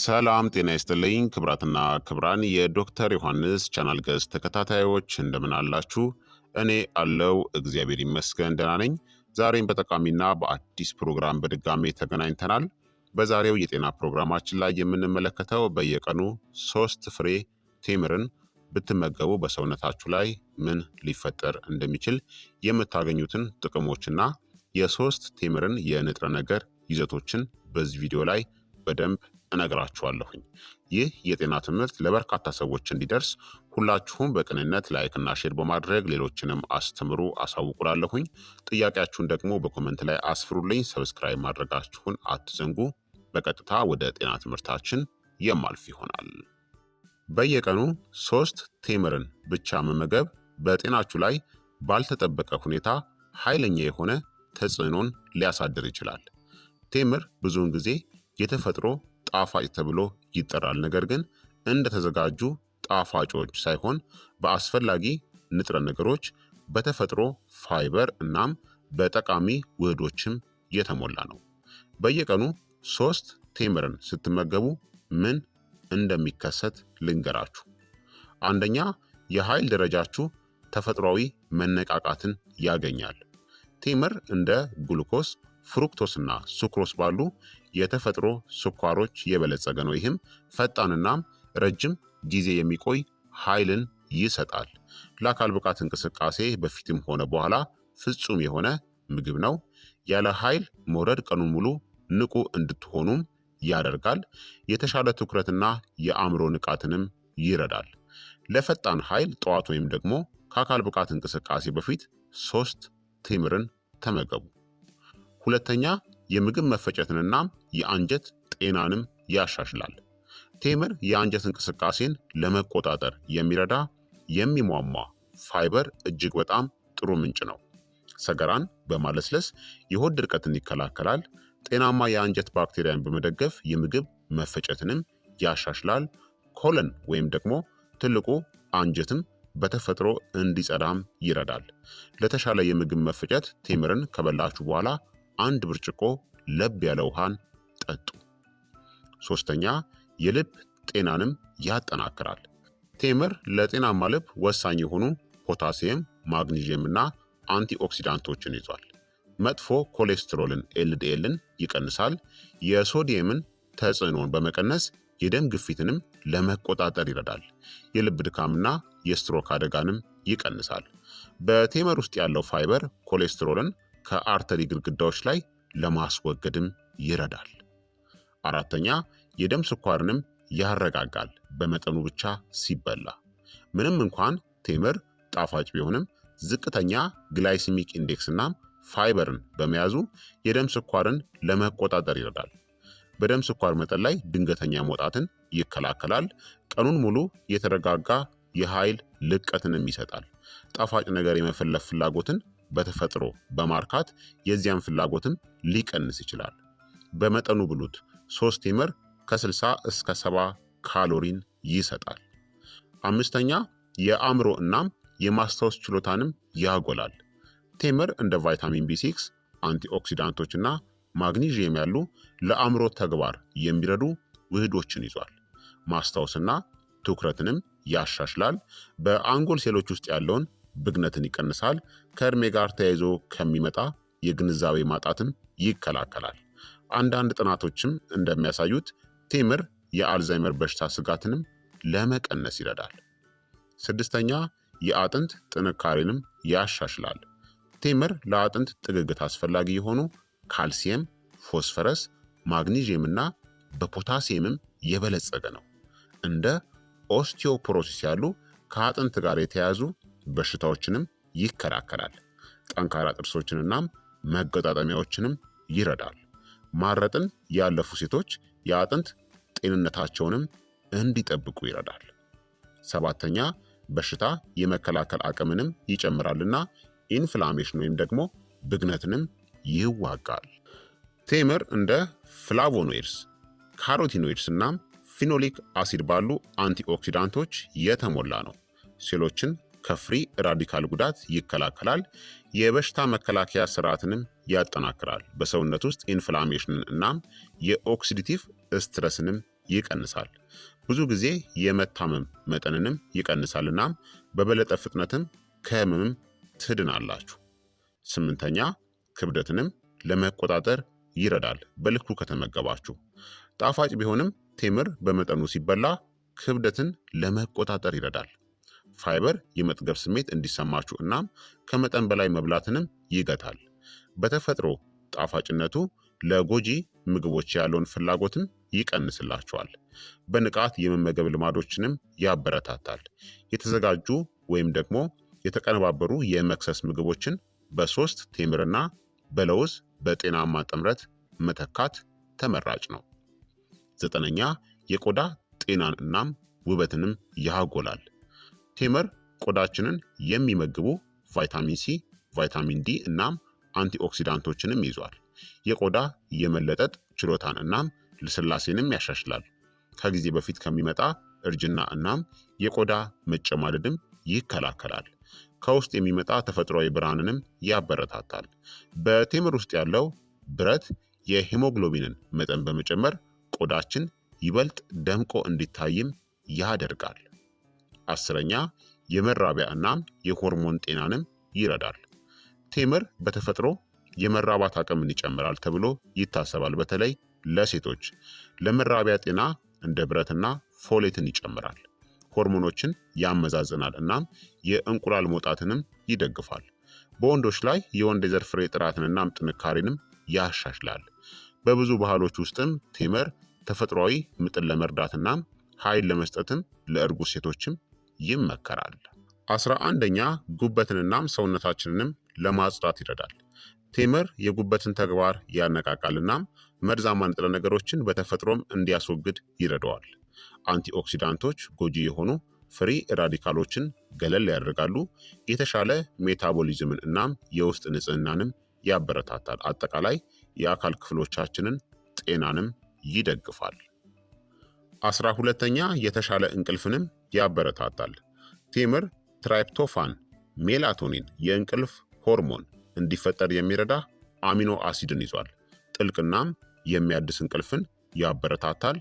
ሰላም ጤና ይስጥልኝ ክብራትና ክብራን የዶክተር ዮሐንስ ቻናል ገጽ ተከታታዮች እንደምን አላችሁ? እኔ አለው እግዚአብሔር ይመስገን ደህና ነኝ። ዛሬም በጠቃሚና በአዲስ ፕሮግራም በድጋሜ ተገናኝተናል። በዛሬው የጤና ፕሮግራማችን ላይ የምንመለከተው በየቀኑ ሶስት ፍሬ ቴምርን ብትመገቡ በሰውነታችሁ ላይ ምን ሊፈጠር እንደሚችል የምታገኙትን ጥቅሞችና የሶስት ቴምርን የንጥረ ነገር ይዘቶችን በዚህ ቪዲዮ ላይ በደንብ እነግራችኋለሁኝ። ይህ የጤና ትምህርት ለበርካታ ሰዎች እንዲደርስ ሁላችሁም በቅንነት ላይክና ሼር በማድረግ ሌሎችንም አስተምሩ። አሳውቁላለሁኝ። ጥያቄያችሁን ደግሞ በኮመንት ላይ አስፍሩልኝ። ሰብስክራይብ ማድረጋችሁን አትዘንጉ። በቀጥታ ወደ ጤና ትምህርታችን የማልፍ ይሆናል። በየቀኑ ሶስት ቴምርን ብቻ መመገብ በጤናችሁ ላይ ባልተጠበቀ ሁኔታ ኃይለኛ የሆነ ተጽዕኖን ሊያሳድር ይችላል። ቴምር ብዙውን ጊዜ የተፈጥሮ ጣፋጭ ተብሎ ይጠራል። ነገር ግን እንደተዘጋጁ ጣፋጮች ሳይሆን በአስፈላጊ ንጥረ ነገሮች፣ በተፈጥሮ ፋይበር እናም በጠቃሚ ውህዶችም የተሞላ ነው። በየቀኑ ሶስት ቴምርን ስትመገቡ ምን እንደሚከሰት ልንገራችሁ። አንደኛ የኃይል ደረጃችሁ ተፈጥሯዊ መነቃቃትን ያገኛል። ቴምር እንደ ግሉኮስ እና ሱክሮስ ባሉ የተፈጥሮ ስኳሮች የበለጸገ ነው። ይህም ፈጣንና ረጅም ጊዜ የሚቆይ ኃይልን ይሰጣል። ለአካል ብቃት እንቅስቃሴ በፊትም ሆነ በኋላ ፍጹም የሆነ ምግብ ነው። ያለ ኃይል መውረድ ቀኑን ሙሉ ንቁ እንድትሆኑም ያደርጋል። የተሻለ ትኩረትና የአእምሮ ንቃትንም ይረዳል። ለፈጣን ኃይል ጠዋት ወይም ደግሞ ከአካል ብቃት እንቅስቃሴ በፊት ሶስት ቴምርን ተመገቡ። ሁለተኛ የምግብ መፈጨትንና የአንጀት ጤናንም ያሻሽላል። ቴምር የአንጀት እንቅስቃሴን ለመቆጣጠር የሚረዳ የሚሟሟ ፋይበር እጅግ በጣም ጥሩ ምንጭ ነው። ሰገራን በማለስለስ የሆድ ድርቀትን ይከላከላል። ጤናማ የአንጀት ባክቴሪያን በመደገፍ የምግብ መፈጨትንም ያሻሽላል። ኮለን ወይም ደግሞ ትልቁ አንጀትም በተፈጥሮ እንዲጸዳም ይረዳል። ለተሻለ የምግብ መፈጨት ቴምርን ከበላችሁ በኋላ አንድ ብርጭቆ ለብ ያለ ውሃን ጠጡ። ሶስተኛ የልብ ጤናንም ያጠናክራል። ቴምር ለጤናማ ልብ ወሳኝ የሆኑ ፖታሲየም፣ ማግኒዥየም እና አንቲኦክሲዳንቶችን ይዟል። መጥፎ ኮሌስትሮልን ኤልዲኤልን ይቀንሳል። የሶዲየምን ተጽዕኖን በመቀነስ የደም ግፊትንም ለመቆጣጠር ይረዳል። የልብ ድካምና የስትሮክ አደጋንም ይቀንሳል። በቴምር ውስጥ ያለው ፋይበር ኮሌስትሮልን ከአርተሪ ግድግዳዎች ላይ ለማስወገድም ይረዳል። አራተኛ የደም ስኳርንም ያረጋጋል በመጠኑ ብቻ ሲበላ። ምንም እንኳን ቴምር ጣፋጭ ቢሆንም ዝቅተኛ ግላይሲሚክ ኢንዴክስ እናም ፋይበርን በመያዙ የደም ስኳርን ለመቆጣጠር ይረዳል። በደም ስኳር መጠን ላይ ድንገተኛ መውጣትን ይከላከላል። ቀኑን ሙሉ የተረጋጋ የኃይል ልቀትንም ይሰጣል። ጣፋጭ ነገር የመፈለግ ፍላጎትን በተፈጥሮ በማርካት የዚያን ፍላጎትም ሊቀንስ ይችላል። በመጠኑ ብሉት ሶስት ቴምር ከ60 እስከ 70 ካሎሪን ይሰጣል። አምስተኛ የአእምሮ እናም የማስታወስ ችሎታንም ያጎላል። ቴምር እንደ ቫይታሚን ቢ6፣ አንቲኦክሲዳንቶች እና ማግኒዥየም ያሉ ለአእምሮ ተግባር የሚረዱ ውህዶችን ይዟል። ማስታወስና ትኩረትንም ያሻሽላል። በአንጎል ሴሎች ውስጥ ያለውን ብግነትን ይቀንሳል። ከእድሜ ጋር ተያይዞ ከሚመጣ የግንዛቤ ማጣትም ይከላከላል። አንዳንድ ጥናቶችም እንደሚያሳዩት ቴምር የአልዛይመር በሽታ ስጋትንም ለመቀነስ ይረዳል። ስድስተኛ የአጥንት ጥንካሬንም ያሻሽላል። ቴምር ለአጥንት ጥግግት አስፈላጊ የሆኑ ካልሲየም፣ ፎስፈረስ፣ እና በፖታሲየምም የበለጸገ ነው። እንደ ኦስቲዮፖሮሲስ ያሉ ከአጥንት ጋር የተያያዙ በሽታዎችንም ይከላከላል። ጠንካራ ጥርሶችንናም መገጣጠሚያዎችንም ይረዳል። ማረጥን ያለፉ ሴቶች የአጥንት ጤንነታቸውንም እንዲጠብቁ ይረዳል። ሰባተኛ በሽታ የመከላከል አቅምንም ይጨምራልና ኢንፍላሜሽን ወይም ደግሞ ብግነትንም ይዋጋል። ቴምር እንደ ፍላቮኖይድስ፣ ካሮቲኖይድስ እናም ፊኖሊክ አሲድ ባሉ አንቲኦክሲዳንቶች የተሞላ ነው። ሴሎችን ከፍሪ ራዲካል ጉዳት ይከላከላል። የበሽታ መከላከያ ስርዓትንም ያጠናክራል። በሰውነት ውስጥ ኢንፍላሜሽንን እናም የኦክሲዲቲቭ ስትረስንም ይቀንሳል። ብዙ ጊዜ የመታመም መጠንንም ይቀንሳል። እናም በበለጠ ፍጥነትም ከህመምም ትድናላችሁ። ስምንተኛ ክብደትንም ለመቆጣጠር ይረዳል። በልኩ ከተመገባችሁ ጣፋጭ ቢሆንም ቴምር በመጠኑ ሲበላ ክብደትን ለመቆጣጠር ይረዳል። ፋይበር የመጥገብ ስሜት እንዲሰማችሁ እናም ከመጠን በላይ መብላትንም ይገታል። በተፈጥሮ ጣፋጭነቱ ለጎጂ ምግቦች ያለውን ፍላጎትም ይቀንስላችኋል። በንቃት የመመገብ ልማዶችንም ያበረታታል። የተዘጋጁ ወይም ደግሞ የተቀነባበሩ የመክሰስ ምግቦችን በሶስት ቴምርና በለውዝ በጤናማ ጥምረት መተካት ተመራጭ ነው። ዘጠነኛ የቆዳ ጤናን እናም ውበትንም ያጎላል። ቴምር ቆዳችንን የሚመግቡ ቫይታሚን ሲ፣ ቫይታሚን ዲ እናም አንቲኦክሲዳንቶችንም ይዟል። የቆዳ የመለጠጥ ችሎታን እናም ልስላሴንም ያሻሽላል። ከጊዜ በፊት ከሚመጣ እርጅና እናም የቆዳ መጨማደድም ይከላከላል። ከውስጥ የሚመጣ ተፈጥሯዊ ብርሃንንም ያበረታታል። በቴምር ውስጥ ያለው ብረት የሄሞግሎቢንን መጠን በመጨመር ቆዳችን ይበልጥ ደምቆ እንዲታይም ያደርጋል። አስረኛ የመራቢያ እናም የሆርሞን ጤናንም ይረዳል። ቴምር በተፈጥሮ የመራባት አቅምን ይጨምራል ተብሎ ይታሰባል። በተለይ ለሴቶች ለመራቢያ ጤና እንደ ብረትና ፎሌትን ይጨምራል። ሆርሞኖችን ያመዛዝናል እናም የእንቁላል መውጣትንም ይደግፋል። በወንዶች ላይ የወንድ የዘር ፍሬ ጥራትንናም ጥንካሬንም ያሻሽላል። በብዙ ባህሎች ውስጥም ቴምር ተፈጥሯዊ ምጥን ለመርዳትናም ኃይል ለመስጠትም ለእርጉዝ ሴቶችም ይመከራል። አስራ አንደኛ ጉበትንናም ሰውነታችንንም ለማጽዳት ይረዳል። ቴምር የጉበትን ተግባር ያነቃቃል እናም መርዛማ ንጥረ ነገሮችን በተፈጥሮም እንዲያስወግድ ይረዳዋል። አንቲኦክሲዳንቶች ጎጂ የሆኑ ፍሪ ራዲካሎችን ገለል ያደርጋሉ፣ የተሻለ ሜታቦሊዝምን እናም የውስጥ ንጽህናንም ያበረታታል። አጠቃላይ የአካል ክፍሎቻችንን ጤናንም ይደግፋል። አስራ ሁለተኛ የተሻለ እንቅልፍንም ያበረታታል። ቴምር ትራይፕቶፋን፣ ሜላቶኒን የእንቅልፍ ሆርሞን እንዲፈጠር የሚረዳ አሚኖ አሲድን ይዟል። ጥልቅናም የሚያድስ እንቅልፍን ያበረታታል።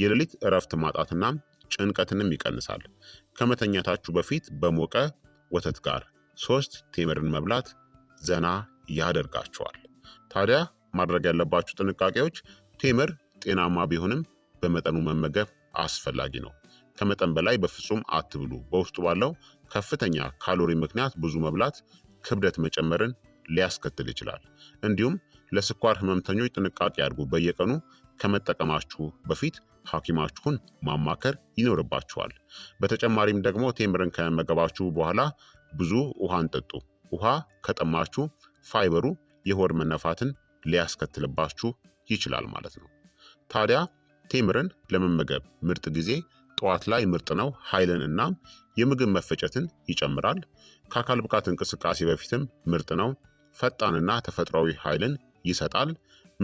የሌሊት እረፍት ማጣትናም ጭንቀትንም ይቀንሳል። ከመተኛታችሁ በፊት በሞቀ ወተት ጋር ሶስት ቴምርን መብላት ዘና ያደርጋችኋል። ታዲያ ማድረግ ያለባችሁ ጥንቃቄዎች ቴምር ጤናማ ቢሆንም በመጠኑ መመገብ አስፈላጊ ነው። ከመጠን በላይ በፍጹም አትብሉ። በውስጡ ባለው ከፍተኛ ካሎሪ ምክንያት ብዙ መብላት ክብደት መጨመርን ሊያስከትል ይችላል። እንዲሁም ለስኳር ህመምተኞች ጥንቃቄ አድርጉ። በየቀኑ ከመጠቀማችሁ በፊት ሐኪማችሁን ማማከር ይኖርባችኋል። በተጨማሪም ደግሞ ቴምርን ከመመገባችሁ በኋላ ብዙ ውሃን ጠጡ። ውሃ ከጠማችሁ ፋይበሩ የሆድ መነፋትን ሊያስከትልባችሁ ይችላል ማለት ነው። ታዲያ ቴምርን ለመመገብ ምርጥ ጊዜ ጠዋት ላይ ምርጥ ነው። ኃይልን እና የምግብ መፈጨትን ይጨምራል። ከአካል ብቃት እንቅስቃሴ በፊትም ምርጥ ነው። ፈጣንና ተፈጥሯዊ ኃይልን ይሰጣል።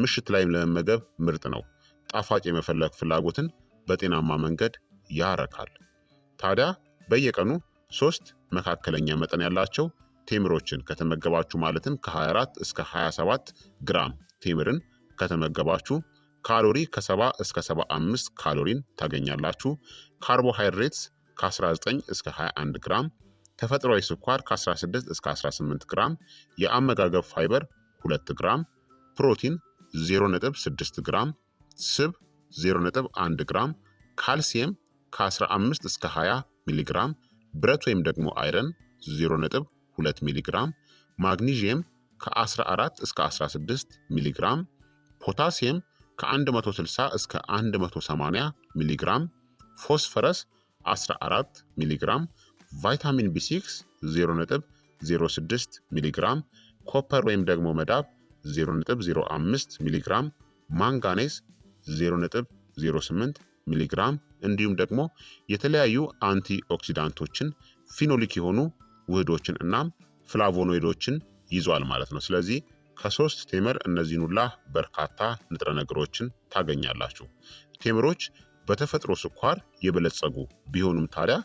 ምሽት ላይም ለመመገብ ምርጥ ነው። ጣፋጭ የመፈለግ ፍላጎትን በጤናማ መንገድ ያረካል። ታዲያ በየቀኑ ሶስት መካከለኛ መጠን ያላቸው ቴምሮችን ከተመገባችሁ ማለትም ከ24 እስከ 27 ግራም ቴምርን ከተመገባችሁ ካሎሪ ከ70 እስከ 75 ካሎሪን ታገኛላችሁ። ካርቦሃይድሬትስ ከ19 እስከ 21 ግራም፣ ተፈጥሯዊ ስኳር ከ16 እስከ 18 ግራም፣ የአመጋገብ ፋይበር 2 ግራም፣ ፕሮቲን 0.6 ግራም፣ ስብ 0.1 ግራም፣ ካልሲየም ከ15 እስከ 20 ሚሊግራም፣ ብረት ወይም ደግሞ አይረን 0.2 ሚሊግራም፣ ማግኒዥየም ከ14 እስከ 16 ሚሊግራም፣ ፖታሲየም ከ160 እስከ 180 ሚሊግራም፣ ፎስፈረስ 14 ሚሊግራም፣ ቫይታሚን ቢ6 0.06 ሚሊግራም፣ ኮፐር ወይም ደግሞ መዳብ 0.05 ሚሊግራም፣ ማንጋኔዝ 0.08 ሚሊግራም እንዲሁም ደግሞ የተለያዩ አንቲ ኦክሲዳንቶችን ፊኖሊክ የሆኑ ውህዶችን እናም ፍላቮኖይዶችን ይዟል ማለት ነው። ስለዚህ ከሶስት ቴምር እነዚህን ሁላ በርካታ ንጥረ ነገሮችን ታገኛላችሁ። ቴምሮች በተፈጥሮ ስኳር የበለጸጉ ቢሆኑም ታዲያ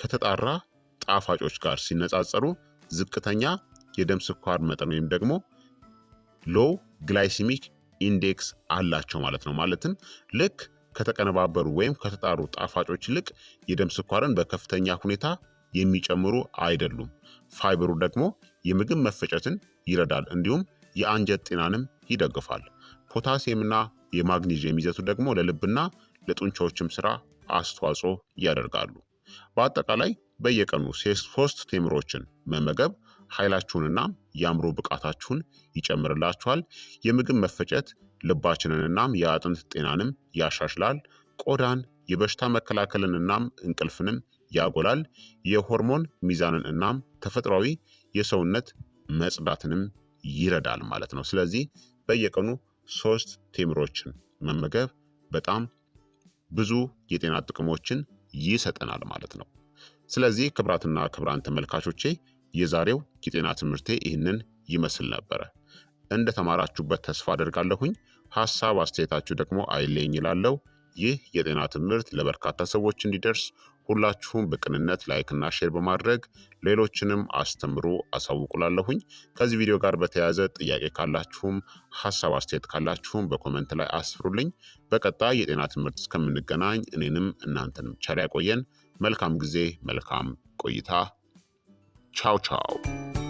ከተጣራ ጣፋጮች ጋር ሲነጻጸሩ ዝቅተኛ የደም ስኳር መጠን ወይም ደግሞ ሎው ግላይሲሚክ ኢንዴክስ አላቸው ማለት ነው። ማለትም ልክ ከተቀነባበሩ ወይም ከተጣሩ ጣፋጮች ይልቅ የደም ስኳርን በከፍተኛ ሁኔታ የሚጨምሩ አይደሉም። ፋይበሩ ደግሞ የምግብ መፈጨትን ይረዳል። እንዲሁም የአንጀት ጤናንም ይደግፋል። ፖታሲየምና የማግኒዥየም ይዘቱ ደግሞ ለልብና ለጡንቻዎችም ስራ አስተዋጽኦ ያደርጋሉ። በአጠቃላይ በየቀኑ ሶስት ቴምሮችን መመገብ ኃይላችሁንና የአእምሮ ብቃታችሁን ይጨምርላችኋል። የምግብ መፈጨት ልባችንንናም የአጥንት ጤናንም ያሻሽላል። ቆዳን፣ የበሽታ መከላከልን እናም እንቅልፍንም ያጎላል። የሆርሞን ሚዛንን እናም ተፈጥሯዊ የሰውነት መጽዳትንም ይረዳል ማለት ነው። ስለዚህ በየቀኑ ሶስት ቴምሮችን መመገብ በጣም ብዙ የጤና ጥቅሞችን ይሰጠናል ማለት ነው። ስለዚህ ክብራትና ክብራን ተመልካቾቼ የዛሬው የጤና ትምህርቴ ይህንን ይመስል ነበረ። እንደተማራችሁበት ተስፋ አደርጋለሁኝ። ሀሳብ አስተያየታችሁ ደግሞ አይለኝ ይላለው ይህ የጤና ትምህርት ለበርካታ ሰዎች እንዲደርስ ሁላችሁም በቅንነት ላይክና ሼር በማድረግ ሌሎችንም አስተምሩ አሳውቁላለሁኝ። ከዚህ ቪዲዮ ጋር በተያያዘ ጥያቄ ካላችሁም ሀሳብ አስተያየት ካላችሁም በኮመንት ላይ አስፍሩልኝ። በቀጣይ የጤና ትምህርት እስከምንገናኝ እኔንም እናንተን ብቻ ያቆየን። መልካም ጊዜ፣ መልካም ቆይታ። ቻው ቻው።